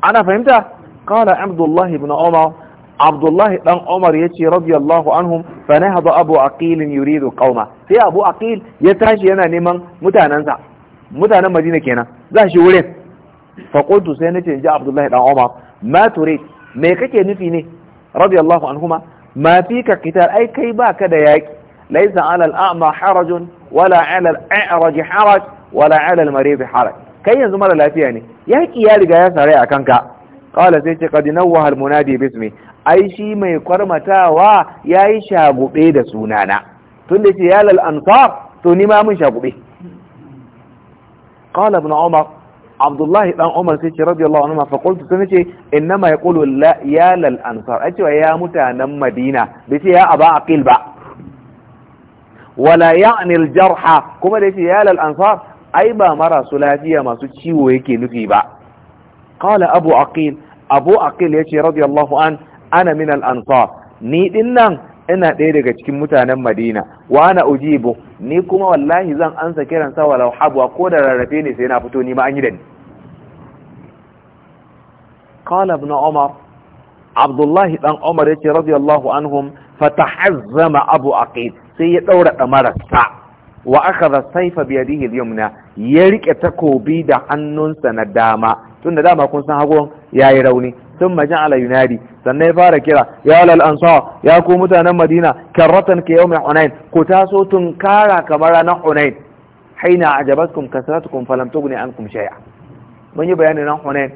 ana fahimta kala abdullah ibn umar abdullah dan umar yace radiyallahu anhum fa nahada abu aqil yuridu qauma sai abu aqil ya tashi yana neman mutanansa mutanen madina kenan za shi wurin fa qultu sai nace ji abdullah dan umar ma turid me kake nufi ne radiyallahu anhuma ma fika qital ai kai baka da yaki laysa ala al-a'ma harajun wala ala al-a'raj haraj wala ala al-marid haraj kai yanzu mara lafiya ne yaƙi ya riga ya sare a kanka qala sai ce qad nawa al munadi bismi ai shi mai kwarmatawa yi shagube da sunana tun da ce ya lal ansar to ni ma mun shagube qala ibn umar abdullahi dan umar sai ce radiyallahu anhu fa qultu sai ce innama yaqulu la ya lal ansar ai cewa ya mutanen madina bai ce ya aba aqil ba wala ya'ni al jarha kuma da ce ya lal ansar ai ba marasu lafiya masu ciwo yake nufi ba qala abu aqil abu aqil yace radiyallahu an ana min al ansar ni dinnan ina ɗaya daga cikin mutanen madina wa ana ujibu ni kuma wallahi zan ansa kiran sa walau habuwa ko da rarrafe ne sai na fito ni ma an yi da ni na umar abdullah dan umar yace radiyallahu anhum fatahazzama abu aqil sai ya daura damararsa wa akhadha sayfa bi yadihi yumna ya rike takobi da hannunsa na dama da dama kun san ya yayi rauni thumma ja'ala yunadi sannan ya fara kira ya alal ansar ya ku mutanen madina karratan ka mai hunain ku taso tunkara kamar ranar hunain haina ajabatkum kasratukum falam an ankum shay'a mun yi bayanin ran hunain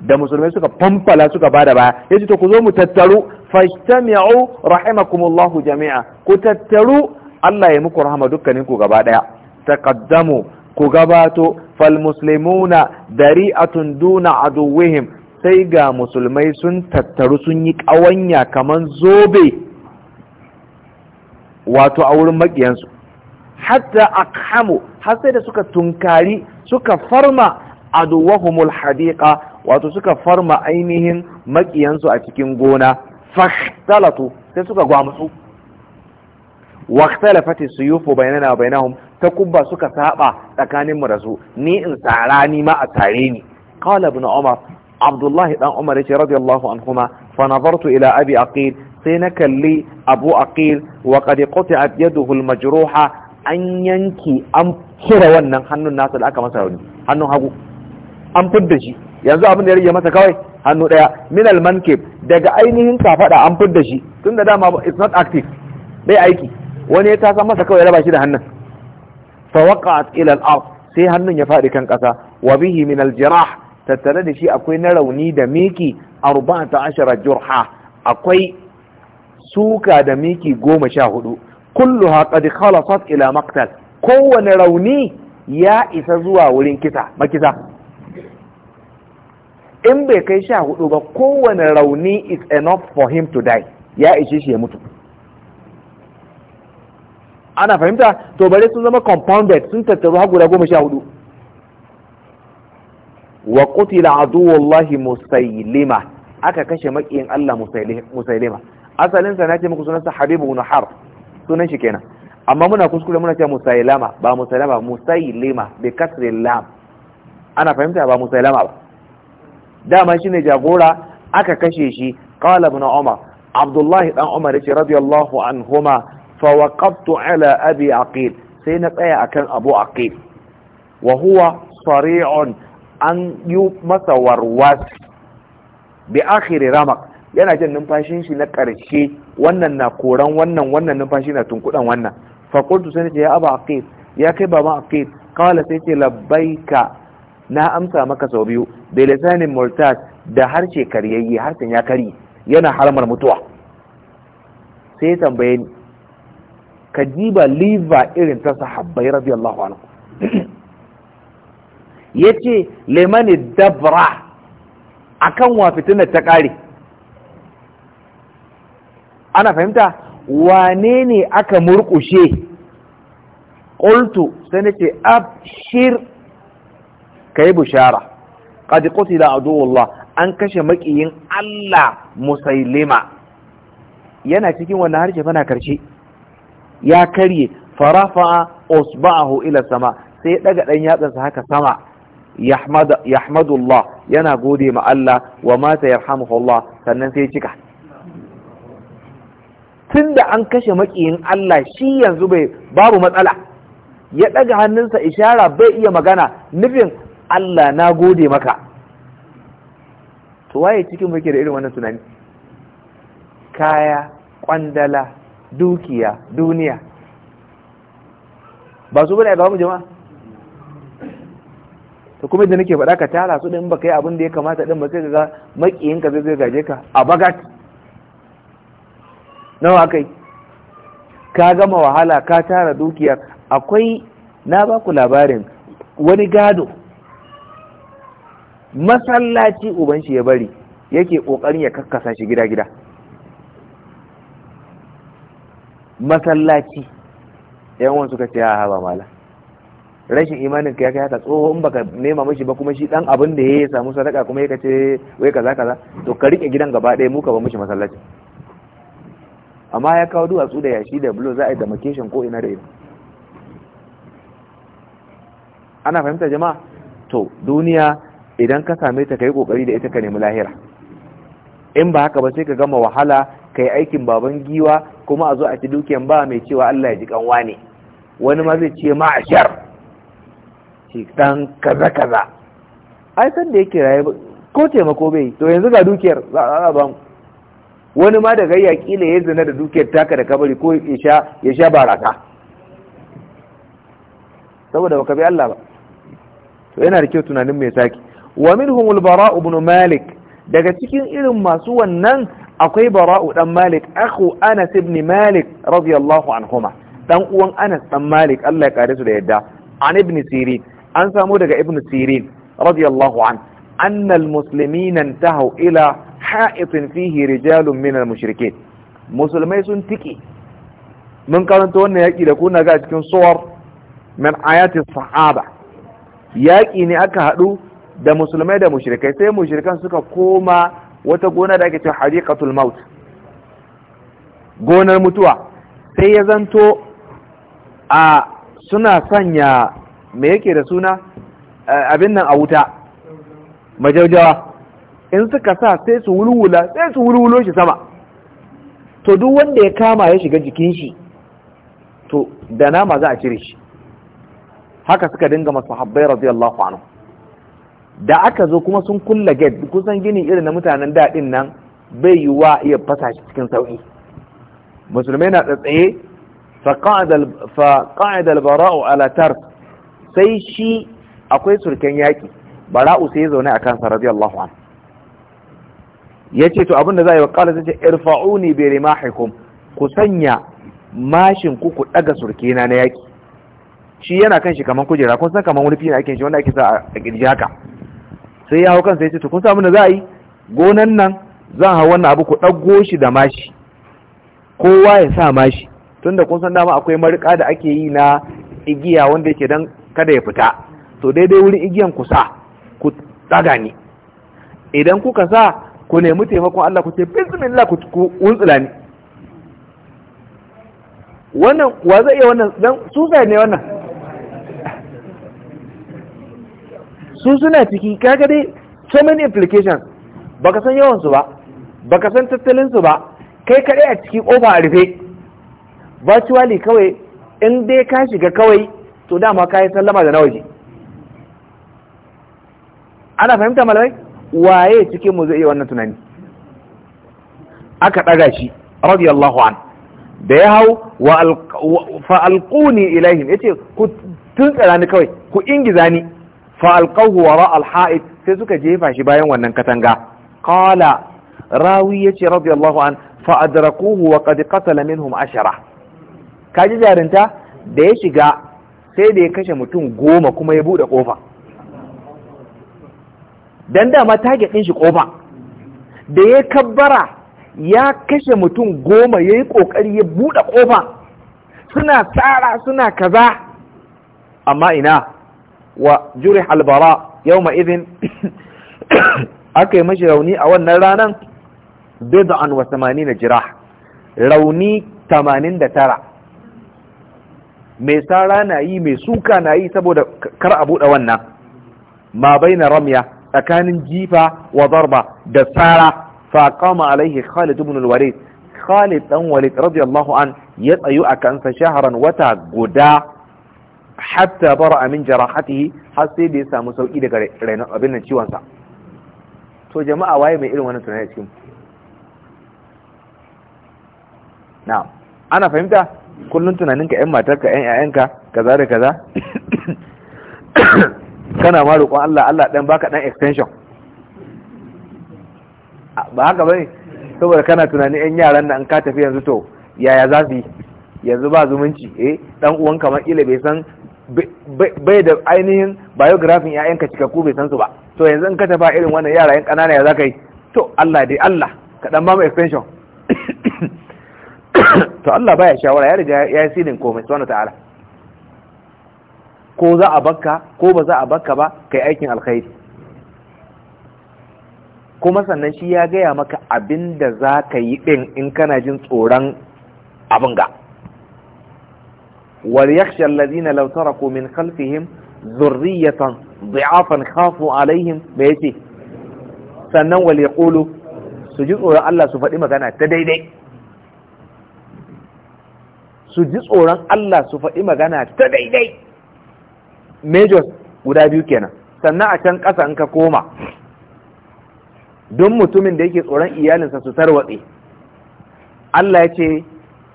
da musulmai suka fanfala suka bada baya ya ce ku zo mu tattaru fajtami'u rahimakumullahu jami'a ku tattaru Allah ya muku rahama dukkanin ku gaba daya taqaddamu ku gabato fal muslimuna dari'atun duna aduwwihim sai ga musulmai sun tattaru sun yi ƙawanya kamar zobe wato a wurin makiyansu hatta akhamu har sai da suka tunkari suka farma aduwahumul hadiqa wato suka farma ainihin maƙiyansu a cikin gona fahtalatu sai suka gwamutsu واختلفت السيوف بيننا وبينهم تكبا سكا سابا تكاني مرسو ني انساراني ما أتاريني قال ابن عمر عبد الله بن عمر رضي الله عنهما فنظرت إلى أبي عقيل سينك لي أبو عقيل وقد قطعت يده المجروحة أن ينكي أم سرونا حنو الناس الأكا مساروني حنو هاقو أم تبجي yanzu abin da ya rage masa kawai hannu daya min al mankib daga ainihin kafada an fidda shi tunda dama it's not active bai aiki wani ya tasa masa kawai raba shi da hannun fa waqa'at ila al-ard sai hannun ya fadi kan kasa wa bihi min al-jirah tattare da shi akwai na rauni da miki 14 jurha akwai suka da miki 14 kulluha qad khalasat ila maqtal kowane rauni ya isa zuwa wurin kisa makisa in bai kai sha hudu ba kowane rauni is enough for him to die ya ishe shi ya mutu ana fahimta to bare sun zama compounded sun tattaru har guda goma sha hudu wa qutila aduwullahi musailima aka kashe makiyin Allah musailima asalin sa nace muku sunansa habibu ibn har sunan shi kenan amma muna kuskure muna cewa musailama ba musailama musailima bi kasrin lam ana fahimta ba musailama ba dama shine jagora aka kashe shi qala ibn umar abdullahi dan umar yace radiyallahu anhuma fa waqaftu ala abi aqil sai na tsaya akan abu aqil wa huwa sari'un an yi masa warwas bi akhiri ramak yana jin numfashin shi na karshe, wannan na koran wannan wannan numfashi na tunkudan wannan fa qultu sai ya aba aqil ya kai baban aqil qala sai ce labbaika na amsa maka sau biyu bi lisanin murtad da harshe karyayye harshen ya kari yana haramar mutuwa sai tambaye ni ka liva irin ta sahabbai radiyallahu anhu yace limani dabra akan wa da ta kare ana fahimta wane ne aka murkushe qultu sai nace abshir kai bushara qad qutila aduwullah an kashe maƙiyin Allah musailima yana cikin wannan harshe fana karshe ya karye farafa usba'ahu ila sama sai daga dan yatsansa haka sama yahmadullah yana gode ma Allah wa mata yarhamuhu Allah sannan sai cika tunda an kashe makiyin Allah shi yanzu bai babu matsala ya daga hannunsa ishara bai iya magana nufin Allah na gode maka to waye cikin muke da irin wannan tunani kaya kwandala dukiya duniya ba su bane ba mu jama'a to kuma da nake faɗa ka tara su ɗin baka yi abin da ya kamata din ba sai ga makiyin ka zai gaje ka a bagat nawa kai ka gama wahala ka tara dukiya? akwai na ba ku labarin wani gado masallaci uban shi ya bari yake kokarin ya kakkasa shi gida-gida masallaci yan wani suka ce ya mala rashin imanin ka ya kai haka tsohon baka nema mashi ba kuma shi dan abin da ya samu sadaka kuma ya ce wai kaza kaza to ka rike gidan gaba ɗaya mu ka ba mashi masallaci amma ya kawo duwatsu da yashi da bulo za a yi da makeshin ko ina da ina ana fahimta jama'a to duniya idan ka same ta ka yi kokari da ita ka nemi lahira in ba haka ba sai ka gama wahala ka yi aikin baban giwa kuma a zo a ci dukiyan ba mai cewa Allah ya ji kanwa ne wani ma zai ce ma a shar shi dan kaza kaza ai san da yake raye ko taimako bai to yanzu ga dukiyar za a ba mu wani ma da gayya kila ya zina da dukiyar taka da kabari ko ya sha ya sha baraka saboda baka bi Allah ba to yana da kyau tunanin mai saki wa minhumul bara ibn malik daga cikin irin masu wannan akwai bara'u dan malik akhu anas ibn malik radiyallahu anhuma dan uwan anas dan malik Allah ya kare su da yadda an ibn sirin an samu daga ibn sirin radiyallahu an anna al muslimin intahu ila ha'it fihi rijalun min al almushrikin musulmai sun tiki mun karanta wannan yaki da kuna ga cikin suwar min ayati sahaba yaki ne aka hadu da musulmai da mushrikai sai mushrikan suka koma wata gona da ake cewa hariƙatul maut gonar mutuwa sai ya zanto a suna sanya me yake da suna abin nan a wuta majaujawa in suka sa sai su wulwula sai su wulwulo shi sama to duk wanda ya kama ya shiga jikin shi to da nama za a cire shi haka suka dinga masu habbai radiyallahu anhu da aka zo kuma sun kulle gate kusan gini irin na mutanen daɗin nan bai yi wa iya fasa shi cikin sauƙi musulmai na tsatsaye faƙa'idal bara'u alatar sai shi akwai surken yaƙi bara'u sai ya zaune a kansa radiyallahu an ya ce to abinda za a yi wa ƙala sai ce irfa'uni ma rimahikum ku sanya mashin ku ku ɗaga surkena na yaƙi shi yana kan shi kamar kujera kun san kamar wani na aikin shi wanda ake sa a ƙirji haka sai ya hau kansa ya ce to kun samu da za a yi gonan nan zan hau wannan abu ku ɗago shi da mashi kowa ya sa mashi tunda kun san dama akwai marika da ake yi na igiya wanda yake dan kada ya fita to daidai wurin igiyan ku sa ku tsaga ni idan kuka sa ku nemi taimakon Allah ku ce bismillah ku ku wuntsula ni wannan wa zai iya wannan dan su ne wannan su suna ciki kaga dai so many implications baka san yawansu ba baka san tattalinsu ba kai kaɗai a ciki ƙofa a rufe virtually kawai in dai ka shiga kawai to dama ka yi sallama da na waje ana fahimta malamai waye cikin mu zai iya wannan tunani aka ɗaga shi radiyallahu an da ya hau wa fa'alƙuni ilaihim ya ce ku tsara ni kawai ku ingiza ni fa wa ra'al ha'id sai suka jefa shi bayan wannan katanga Kala. rawi yace radiyallahu an fa adrakuhu wa qad qatala minhum ashara kaji jarinta da ya shiga sai da ya kashe mutum goma kuma ya buɗe kofa dan dama ta din shi ƙofa. da ya kabbara ya kashe mutum goma ya yi ƙoƙari ya buɗe ƙofa suna tsara suna kaza amma ina وجرح البراء يومئذ أكي مش روني أولا رانا بضعا وثمانين جراح روني تمانين دا ترع mai sara na yi mai suka na yi saboda kar a buɗe wannan ma baina ramya tsakanin jifa wa zarba da sara fa qama alaihi Khalid ibn al-Walid Khalid dan Walid radiyallahu an ya tsayu a kansa shaharan wata guda hatta bara amin jarahatihi har sai da ya samu sauki daga rainon abin nan ciwon sa to jama'a waye mai irin wannan tunani a cikin na'am ana fahimta kullun tunaninka 'yan matarka 'yan 'ya'yanka, kaza da kaza kana ma roƙon Allah Allah dan baka dan extension ba haka bane saboda kana tunanin 'yan yaran nan ka tafi yanzu to yaya za su yi yanzu ba zumunci eh dan uwan kamar ila bai san bai da ainihin biografin 'ya'yanka cikakku bai san su ba to yanzu in ka tafa irin wannan yara yan kanana ya zaka yi to Allah dai Allah ka dan ba mu extension to Allah baya shawara ya riga ya yi sidin komai subhanahu ta'ala ko za a bakka ko ba za a bakka ba kai aikin alkhairi kuma sannan shi ya gaya maka abin da za ka yi ɗin in kana jin tsoron abin ga وليخشى الذين لو تركوا من خلفهم ذرية ضعافا خافوا عليهم بيتي sannan wal yaqulu su ji tsoron Allah su faɗi magana ta daidai su ji tsoron Allah su faɗi magana ta daidai majors guda biyu kenan sannan a can ƙasa in ka koma don mutumin da yake tsoron iyalinsa su tarwatse Allah ya ce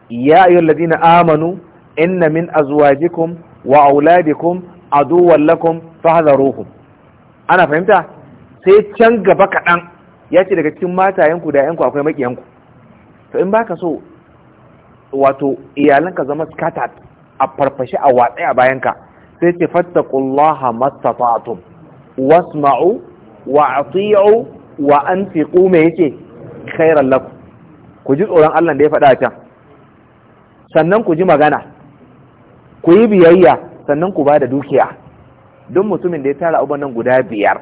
ya Ladina amanu inna min azwajikum wa auladikum aduwwan lakum fahdharuhum ana fahimta sai can gaba kaɗan ya ce daga cikin matayenku da yanku akwai makiyanku to in baka so wato iyalanka zama scatter a farfashe a watsi a bayanka sai ce fattaqullaha mastata'tum wasma'u wa ati'u wa anfiqu me yake khairan lakum ku ji tsoron Allah da ya faɗa a can sannan ku ji magana ku yi biyayya sannan ku ba da dukiya don mutumin da ya tara abubuwan guda biyar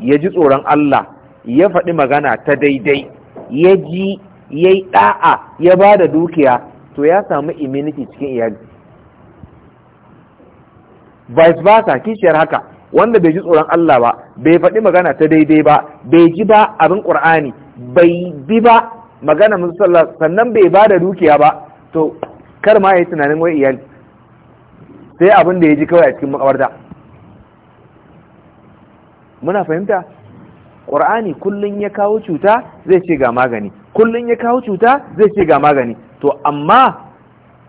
ya ji tsoron Allah ya faɗi magana ta daidai ya ji ya yi ɗa'a ya ba da dukiya to ya samu immunity cikin iyali vice versa kishiyar haka wanda bai ji tsoron Allah ba bai faɗi magana ta daidai ba bai ji ba abin ƙur'ani bai bi ba magana musallar sannan bai ba da dukiya ba to kar ma ya yi tunanin wai iyali sai abin da ya ji kawai a cikin makabarta muna fahimta ƙur'ani kullum ya kawo cuta zai ce ga magani kullum ya kawo cuta zai ce ga magani to amma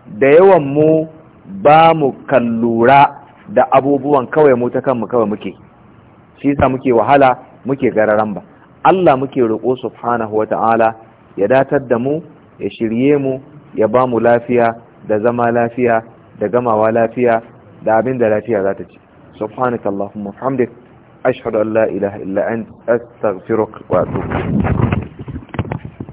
da yawan mu ba mu kan lura da abubuwan kawai mu ta kanmu kawai muke shi sa muke wahala muke gararan ba Allah muke roƙo subhanahu ta'ala ya datar da mu ya shirye mu ya ba mu lafiya da zama lafiya da gamawa lafiya da abin da lafiya za ta ci subhanaka allahumma hamdik ashhadu an la ilaha illa anta astaghfiruka wa atubu